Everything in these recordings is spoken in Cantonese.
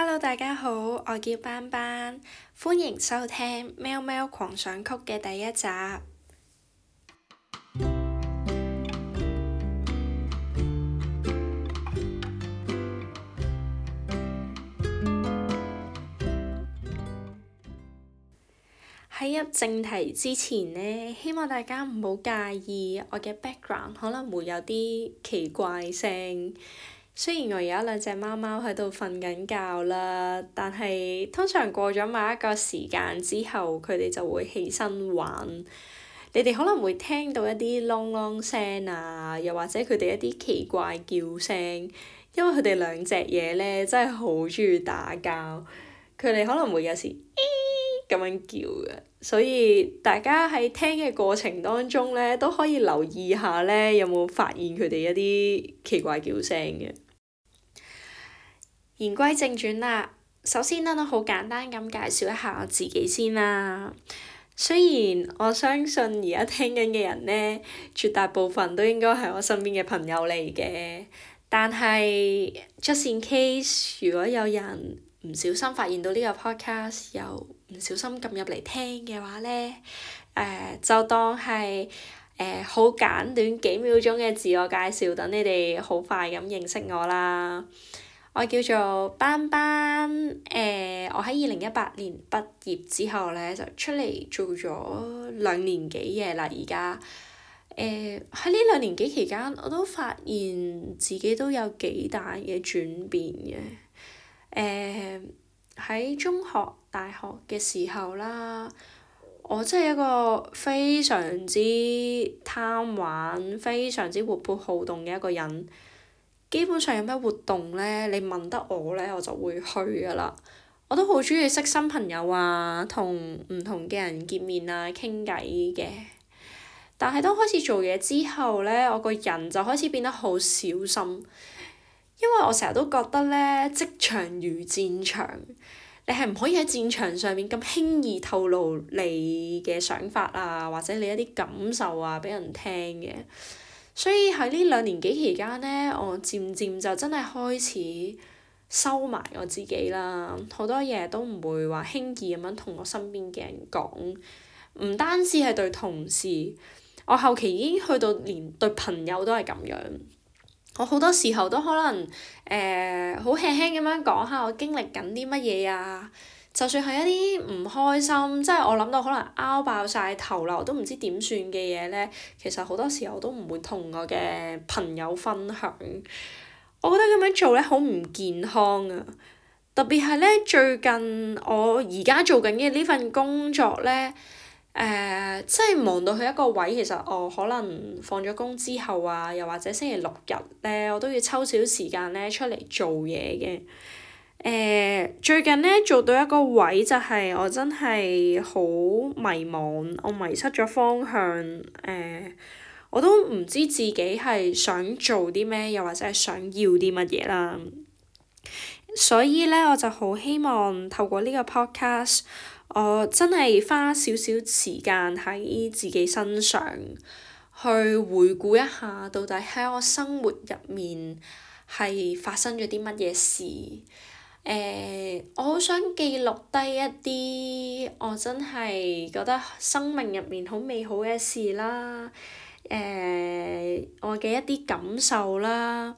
Hello，大家好，我叫班班，歡迎收聽《喵喵狂想曲》嘅第一集。喺 入正題之前呢，希望大家唔好介意我嘅 background，可能會有啲奇怪聲。雖然我有一兩隻貓貓喺度瞓緊覺啦，但係通常過咗某一個時間之後，佢哋就會起身玩。你哋可能會聽到一啲啷啷聲啊，又或者佢哋一啲奇怪叫聲，因為佢哋兩隻嘢咧真係好中意打交。佢哋可能會有時咦咁樣叫嘅，所以大家喺聽嘅過程當中咧，都可以留意下咧，有冇發現佢哋一啲奇怪叫聲嘅。言歸正傳啦，首先呢，我好簡單咁介紹一下我自己先啦。雖然我相信而家聽緊嘅人呢，絕大部分都應該係我身邊嘅朋友嚟嘅，但係 Just in case 如果有人唔小心發現到呢個 podcast 又唔小心撳入嚟聽嘅話呢，誒、呃、就當係誒好簡短幾秒鐘嘅自我介紹，等你哋好快咁認識我啦。我叫做班班，誒、呃，我喺二零一八年畢業之後咧，就出嚟做咗兩年幾嘢啦，而家。誒、呃，喺呢兩年幾期間，我都發現自己都有幾大嘅轉變嘅。誒、呃，喺中學、大學嘅時候啦，我真係一個非常之貪玩、非常之活潑好動嘅一個人。基本上有咩活動咧，你問得我咧，我就會去㗎喇。我都好鍾意識新朋友啊，同唔同嘅人見面啊，傾偈嘅。但係當開始做嘢之後咧，我個人就開始變得好小心。因為我成日都覺得咧，職場如戰場，你係唔可以喺戰場上面咁輕易透露你嘅想法啊，或者你一啲感受啊，俾人聽嘅。所以喺呢兩年幾期間咧，我漸漸就真係開始收埋我自己啦，好多嘢都唔會話輕易咁樣同我身邊嘅人講。唔單止係對同事，我後期已經去到連對朋友都係咁樣。我好多時候都可能誒，好、呃、輕輕咁樣講下我經歷緊啲乜嘢啊～就算係一啲唔開心，即係我諗到可能拗爆晒頭啦，我都唔知點算嘅嘢呢。其實好多時候我都唔會同我嘅朋友分享，我覺得咁樣做咧好唔健康啊！特別係呢，最近我而家做緊嘅呢份工作呢，誒、呃，即係忙到去一個位，其實我可能放咗工之後啊，又或者星期六日呢，我都要抽少少時間咧出嚟做嘢嘅。誒、呃、最近咧做到一個位就係我真係好迷茫，我迷失咗方向，誒、呃，我都唔知自己係想做啲咩，又或者係想要啲乜嘢啦。所以咧，我就好希望透過呢個 Podcast，我真係花少少時間喺自己身上，去回顧一下到底喺我生活入面係發生咗啲乜嘢事。誒、呃，我好想記錄低一啲，我真係覺得生命入面好美好嘅事啦。誒、呃，我嘅一啲感受啦，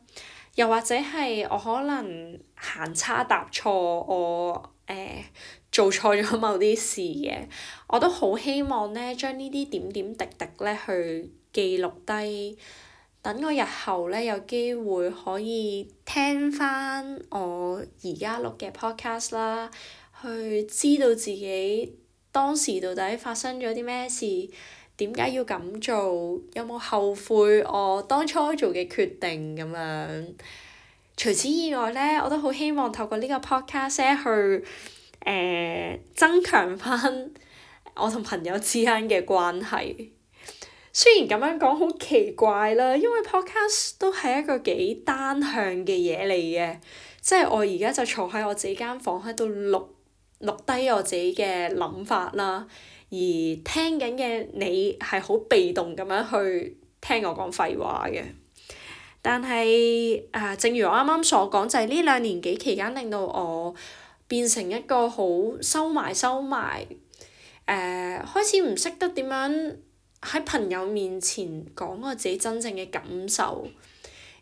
又或者係我可能行差踏錯，我誒、呃、做錯咗某啲事嘅，我都好希望咧，將呢啲點點滴滴咧去記錄低。等我日後咧有機會可以聽翻我而家錄嘅 podcast 啦，去知道自己當時到底發生咗啲咩事，點解要咁做，有冇後悔我當初做嘅決定咁樣。除此以外咧，我都好希望透過呢個 podcast 去，誒、呃、增強翻我同朋友之間嘅關係。雖然咁樣講好奇怪啦，因為 podcast 都係一個幾單向嘅嘢嚟嘅，即係我而家就坐喺我自己間房喺度錄錄低我自己嘅諗法啦，而聽緊嘅你係好被動咁樣去聽我講廢話嘅。但係誒、呃，正如我啱啱所講，就係、係、呢兩年幾期間令到我變成一個好收埋收埋，誒、呃、開始唔識得點樣。喺朋友面前講我自己真正嘅感受，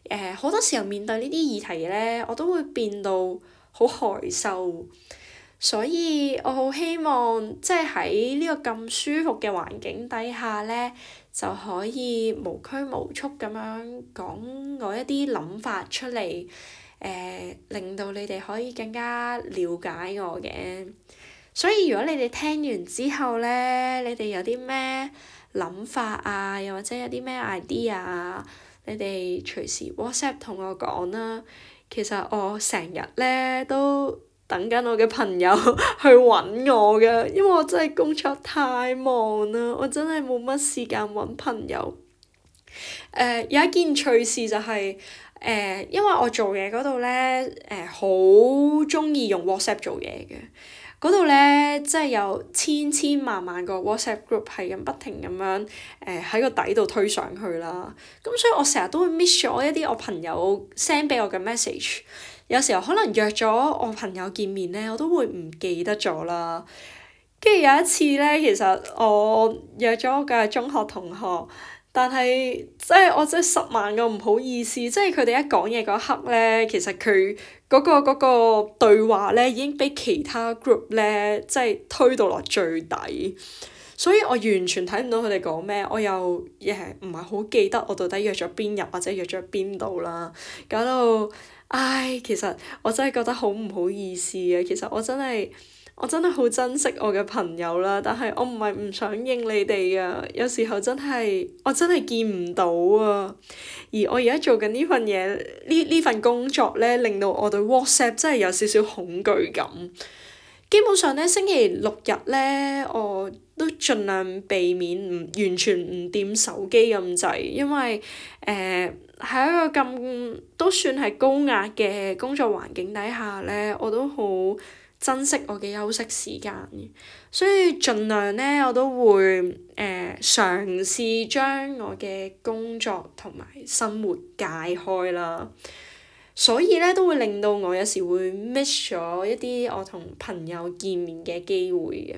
誒、呃、好多時候面對呢啲議題咧，我都會變到好害羞，所以我好希望即係喺呢個咁舒服嘅環境底下咧，就可以無拘無束咁樣講我一啲諗法出嚟，誒、呃、令到你哋可以更加了解我嘅，所以如果你哋聽完之後咧，你哋有啲咩諗法啊，又或者有啲咩 idea 啊，你哋隨時 WhatsApp 同我講啦。其實我成日咧都等緊我嘅朋友去搵我嘅，因為我真係工作太忙啦，我真係冇乜時間搵朋友、呃。有一件趣事就係、是、誒、呃，因為我做嘢嗰度咧誒，好中意用 WhatsApp 做嘢嘅。嗰度咧，即係有千千萬萬個 WhatsApp group 係咁不停咁樣，誒喺個底度推上去啦。咁所以我成日都會 miss 咗一啲我朋友 send 俾我嘅 message。有時候可能約咗我朋友見面咧，我都會唔記得咗啦。跟住有一次咧，其實我約咗我嘅中學同學。但係，即係我真係十萬個唔好意思，即係佢哋一講嘢嗰刻咧，其實佢嗰個嗰個對話咧已經俾其他 group 咧，即係推到落最底，所以我完全睇唔到佢哋講咩，我又誒唔係好記得我到底約咗邊日或者約咗邊度啦，搞到唉，其實我真係覺得好唔好意思呀，其實我真係。我真係好珍惜我嘅朋友啦，但係我唔係唔想應你哋啊。有時候真係，我真係見唔到啊。而我而家做緊呢份嘢，呢呢份工作咧，令到我對 WhatsApp 真係有少少恐懼感。基本上咧，星期六日咧，我都盡量避免唔完全唔掂手機咁滯，因為誒喺、呃、一個咁都算係高壓嘅工作環境底下咧，我都好，珍惜我嘅休息時間，所以盡量咧我都會誒、呃、嘗試將我嘅工作同埋生活解開啦。所以咧都會令到我有時會 miss 咗一啲我同朋友見面嘅機會嘅。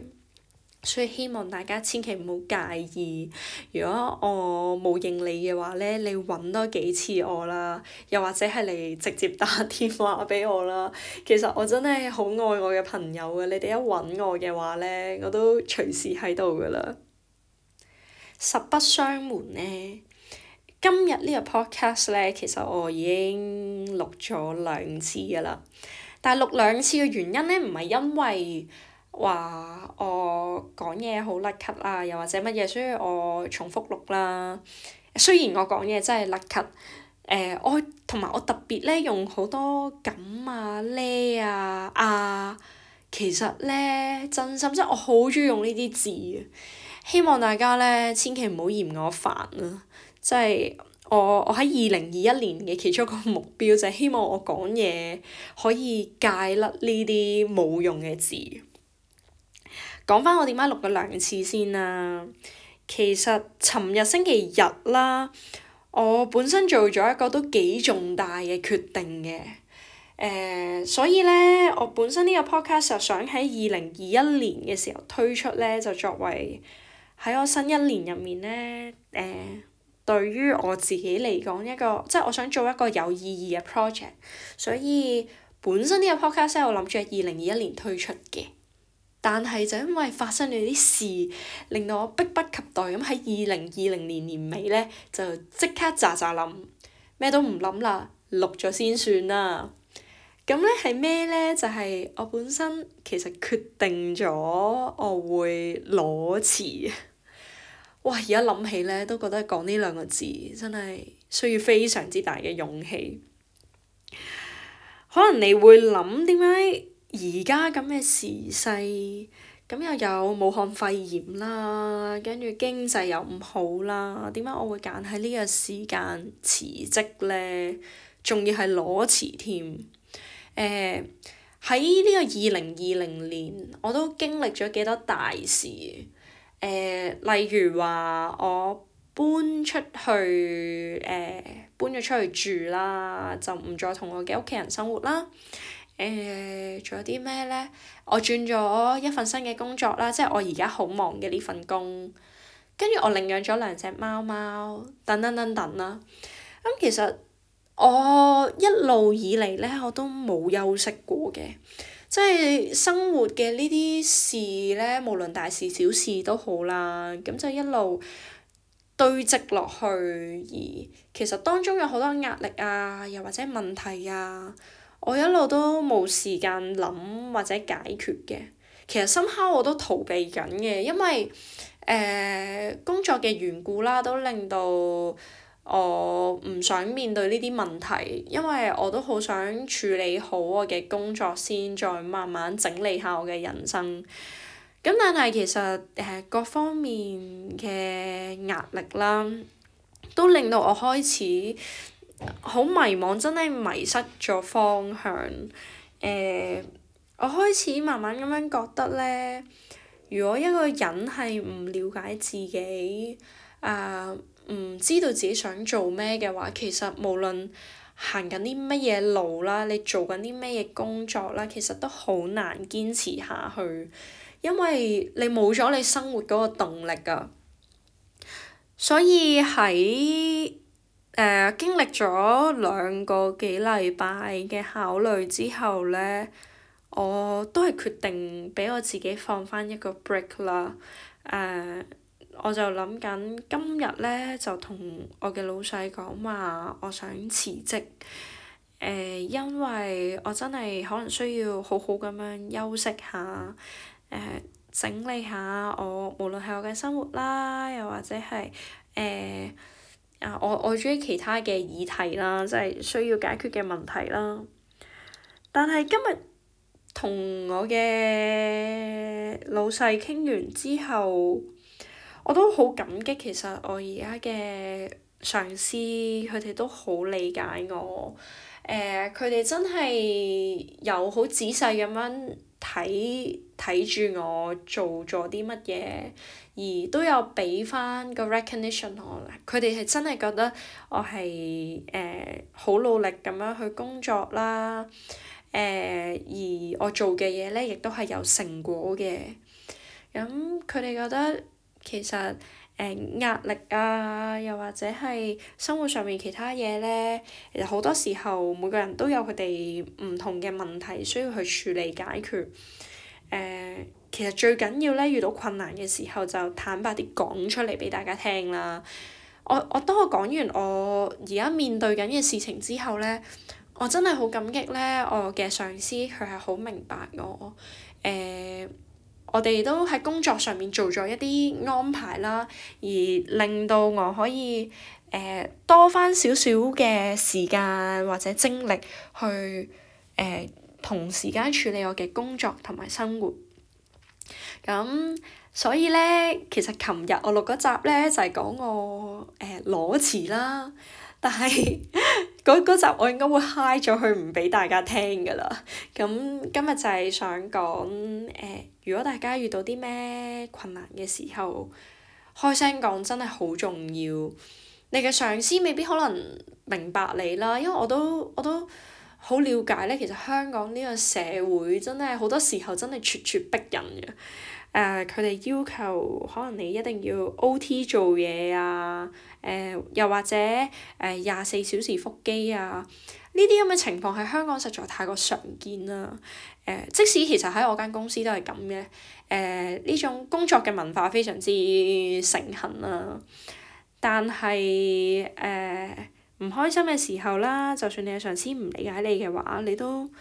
所以希望大家千祈唔好介意，如果我冇應你嘅話咧，你揾多幾次我啦，又或者係你直接打電話俾我啦。其實我真係好愛我嘅朋友啊，你哋一揾我嘅話咧，我都隨時喺度噶啦。實不相瞞咧，今日呢個 Podcast 咧，其實我已經錄咗兩次噶啦，但係錄兩次嘅原因咧，唔係因為話。我講嘢好甩咳 u 啊，又或者乜嘢，所以我重複錄啦。雖然我講嘢真係甩咳，u 我同埋我特別咧用好多咁啊、呢啊、啊，其實咧真心真係我好中意用呢啲字，希望大家咧千祈唔好嫌我煩啦。即係我我喺二零二一年嘅其中一個目標就係、是、希望我講嘢可以戒甩呢啲冇用嘅字。講翻我點解錄個兩次先啦。其實尋日星期日啦，我本身做咗一個都幾重大嘅決定嘅。誒、呃，所以咧，我本身呢個 podcast 想喺二零二一年嘅時候推出咧，就作為喺我新一年入面咧，誒、呃，對於我自己嚟講一個，即係我想做一個有意義嘅 project，所以本身呢個 podcast 係我諗住二零二一年推出嘅。但係就因為發生咗啲事，令到我迫不及待咁喺二零二零年年尾咧，就即刻咋咋諗，咩都唔諗啦，嗯、錄咗先算啦。咁咧係咩咧？就係、是、我本身其實決定咗我會裸辭。哇！而家諗起咧，都覺得講呢兩個字真係需要非常之大嘅勇氣。可能你會諗點解？而家咁嘅時勢，咁又有武漢肺炎啦，跟住經濟又唔好啦，點解我會揀喺呢個時間辭職咧？仲要係裸辭添。誒、呃，喺呢個二零二零年，我都經歷咗幾多大事。誒、呃，例如話我搬出去，誒、呃、搬咗出去住啦，就唔再同我嘅屋企人生活啦。誒，仲有啲咩咧？我轉咗一份新嘅工作啦，即係我而家好忙嘅呢份工。跟住我領養咗兩隻貓貓，等等等等啦。咁其實我一路以嚟咧，我都冇休息過嘅。即係生活嘅呢啲事咧，無論大事小事都好啦，咁就一路堆積落去。而其實當中有好多壓力啊，又或者問題啊。我一路都冇時間諗或者解決嘅，其實 somehow 我都逃避緊嘅，因為誒、呃、工作嘅緣故啦，都令到我唔想面對呢啲問題，因為我都好想處理好我嘅工作先，再慢慢整理下我嘅人生。咁但係其實誒、呃、各方面嘅壓力啦，都令到我開始好迷茫，真係迷失咗方向。誒、呃，我開始慢慢咁樣覺得咧，如果一個人係唔了解自己，啊、呃，唔知道自己想做咩嘅話，其實無論行緊啲乜嘢路啦，你做緊啲乜嘢工作啦，其實都好難堅持下去，因為你冇咗你生活嗰個動力㗎。所以喺誒、uh, 經歷咗兩個幾禮拜嘅考慮之後呢，我都係決定俾我自己放翻一個 break 啦。Uh, 我就諗緊今日呢，就同我嘅老細講話，我想辭職。Uh, 因為我真係可能需要好好咁樣休息下，uh, 整理下我無論係我嘅生活啦，又或者係啊！我我中意其他嘅議題啦，即係需要解決嘅問題啦。但係今日同我嘅老細傾完之後，我都好感激。其實我而家嘅上司佢哋都好理解我。誒，佢哋真係有好仔細咁樣。睇睇住我做咗啲乜嘢，而都有俾翻個 recognition 我。佢哋係真係覺得我係誒好努力咁樣去工作啦，誒、呃，而我做嘅嘢咧，亦都係有成果嘅。咁佢哋覺得其實。誒、呃、壓力啊，又或者係生活上面其他嘢咧，其實好多時候每個人都有佢哋唔同嘅問題需要去處理解決。誒、呃，其實最緊要咧，遇到困難嘅時候就坦白啲講出嚟俾大家聽啦。我我當我講完我而家面對緊嘅事情之後咧，我真係好感激咧，我嘅上司佢係好明白我誒、呃我哋都喺工作上面做咗一啲安排啦，而令到我可以誒、呃、多翻少少嘅時間或者精力去誒、呃、同時間處理我嘅工作同埋生活。咁所以咧，其實琴日我錄嗰集咧就係、是、講我誒裸辭啦，但係～ 嗰集我應該會嗨咗佢唔俾大家聽㗎啦，咁今日就係想講，呃，如果大家遇到啲咩困難嘅時候，開聲講真係好重要。你嘅上司未必可能明白你啦，因為我都我都好了解咧，其實香港呢個社會真係好多時候真係咄咄逼人嘅。誒佢哋要求可能你一定要 O.T. 做嘢啊，誒、呃、又或者誒廿四小時腹肌啊，呢啲咁嘅情況喺香港實在太過常見啦、啊。誒、呃，即使其實喺我間公司都係咁嘅，誒、呃、呢種工作嘅文化非常之盛行啦。但係誒唔開心嘅時候啦，就算你嘅上司唔理解你嘅話，你都～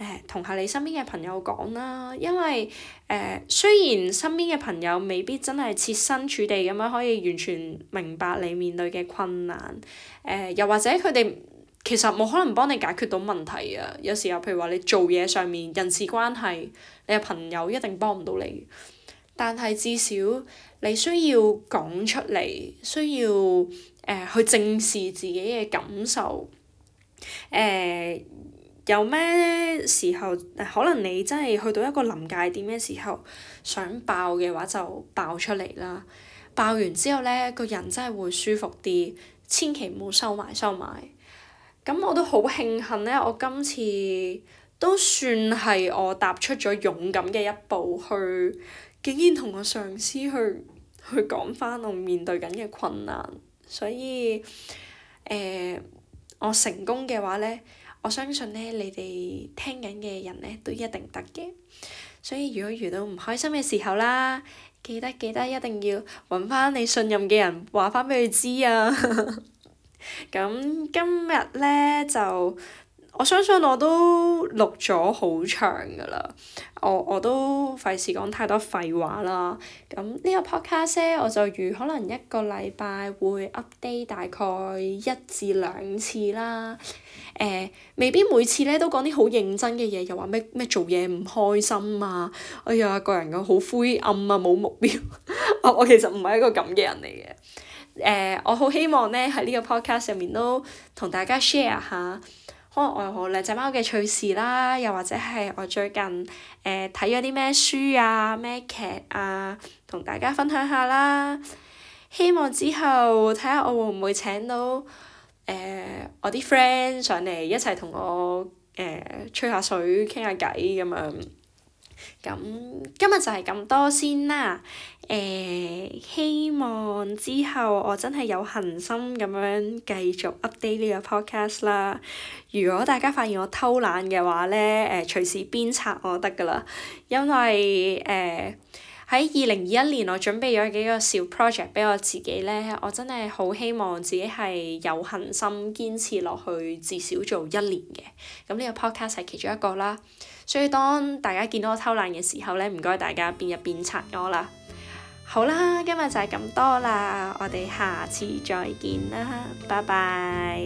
誒，同下你身邊嘅朋友講啦，因為誒、呃，雖然身邊嘅朋友未必真係設身處地咁樣可以完全明白你面對嘅困難，誒、呃，又或者佢哋其實冇可能幫你解決到問題啊。有時候譬如話你做嘢上面人事關係，你嘅朋友一定幫唔到你。但係至少你需要講出嚟，需要誒、呃、去正視自己嘅感受，誒、呃。有咩時候？可能你真係去到一個臨界點嘅時候，想爆嘅話就爆出嚟啦！爆完之後咧，個人真係會舒服啲，千祈唔好收埋收埋。咁我都好慶幸咧，我今次都算係我踏出咗勇敢嘅一步去，竟然同我上司去去講返我面對緊嘅困難，所以誒、呃，我成功嘅話咧～我相信咧，你哋聽緊嘅人咧都一定得嘅。所以如果遇到唔開心嘅時候啦，記得記得一定要揾翻你信任嘅人話翻俾佢知啊！咁 今日咧就～我相信我都錄咗好長㗎啦，我我都費事講太多廢話啦。咁呢個 podcast 咧，我就如可能一個禮拜會 update 大概一至兩次啦。誒、呃，未必每次咧都講啲好認真嘅嘢，又話咩咩做嘢唔開心啊，哎呀，個人咁好灰暗啊，冇目標、 啊。我其實唔係一個咁嘅人嚟嘅。誒、呃，我好希望咧喺呢個 podcast 上面都同大家 share 下。可能我有好靚仔貓嘅趣事啦，又或者係我最近誒睇咗啲咩書啊、咩劇啊，同大家分享下啦。希望之後睇下我會唔會請到誒、呃、我啲 friend 上嚟一齊同我誒、呃、吹下水、傾下偈咁樣。咁今日就係咁多先啦，誒、呃、希望之後我真係有恒心咁樣繼續 update 呢個 podcast 啦。如果大家發現我偷懶嘅話咧，誒、呃、隨時鞭策我得㗎喇，因為誒喺二零二一年我準備咗幾個小 project 俾我自己咧，我真係好希望自己係有恒心堅持落去，至少做一年嘅。咁呢個 podcast 係其中一個啦。所以當大家見到我偷懶嘅時候呢，唔該大家鞭一鞭策我啦。好啦，今日就係咁多啦，我哋下次再見啦，拜拜。